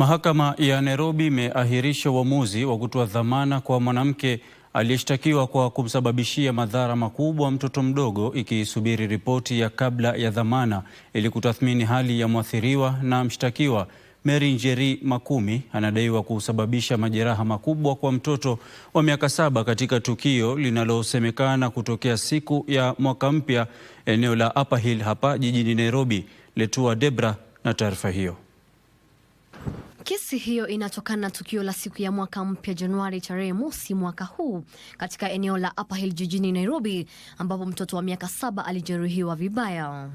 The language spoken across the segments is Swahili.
Mahakama ya Nairobi imeahirisha uamuzi wa kutoa dhamana kwa mwanamke aliyeshtakiwa kwa kumsababishia madhara makubwa mtoto mdogo ikisubiri ripoti ya kabla ya dhamana ili kutathmini hali ya mwathiriwa na mshtakiwa. Mary Njeri Makumi anadaiwa kusababisha majeraha makubwa kwa mtoto wa miaka saba katika tukio linalosemekana kutokea siku ya mwaka mpya eneo la Upper Hill hapa jijini Nairobi. Letua Debra na taarifa hiyo. Kesi hiyo inatokana na tukio la siku ya mwaka mpya Januari tarehe mosi mwaka huu katika eneo la Upper Hill jijini Nairobi, ambapo mtoto wa miaka saba alijeruhiwa vibaya.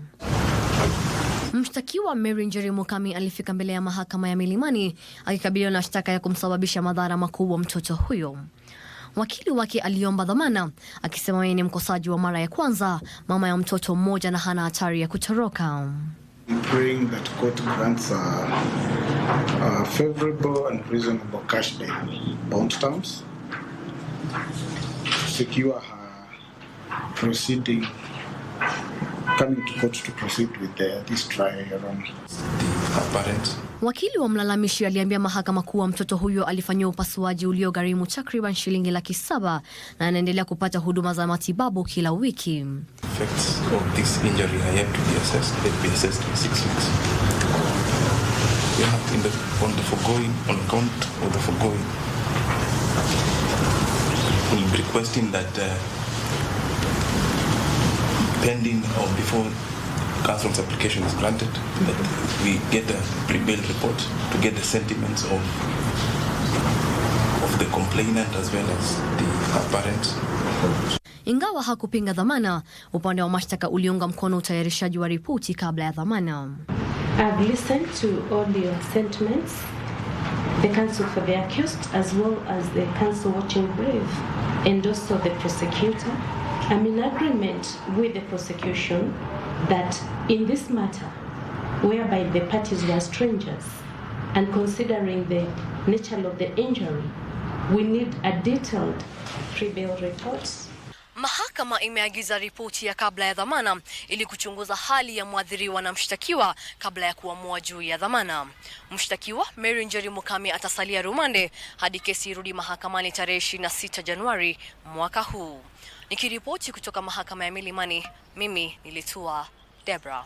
Mshtakiwa Mary Njeri Mukami alifika mbele ya mahakama ya Milimani akikabiliwa na shtaka ya kumsababisha madhara makubwa mtoto huyo. Wakili wake aliomba dhamana akisema yeye ni mkosaji wa mara ya kwanza, mama ya mtoto mmoja, na hana hatari ya kutoroka uh, favorable and reasonable cash bail bond terms, secure her proceeding, coming to court to proceed with the, this trial apparent Wakili wa mlalamishi aliambia mahakama kuwa mtoto huyo alifanyiwa upasuaji uliogharimu takriban shilingi laki saba na anaendelea kupata huduma za matibabu kila wiki we not in the, on the foregoing, on account of the foregoing, we'll be requesting that uh, pending or before council's application is granted, that we get a pre-built report to get the sentiments of of the complainant as well as the apparent. Ingawa hakupinga dhamana, upande wa mashtaka uliunga mkono utayarishaji wa ripoti kabla ya dhamana. I've listened to all your sentiments, the counsel for the accused, as well as the counsel watching brief, and also the prosecutor. I'm in agreement with the prosecution that in this matter, whereby the parties were strangers, and considering the nature of the injury, we need a detailed pre report Mahakama imeagiza ripoti ya kabla ya dhamana ili kuchunguza hali ya mwathiriwa na mshtakiwa kabla ya kuamua juu ya dhamana. Mshtakiwa Mary Njeri Mukami atasalia rumande hadi kesi irudi mahakamani tarehe 26 Januari mwaka huu. Nikiripoti kutoka mahakama ya Milimani, mimi nilitua Debra.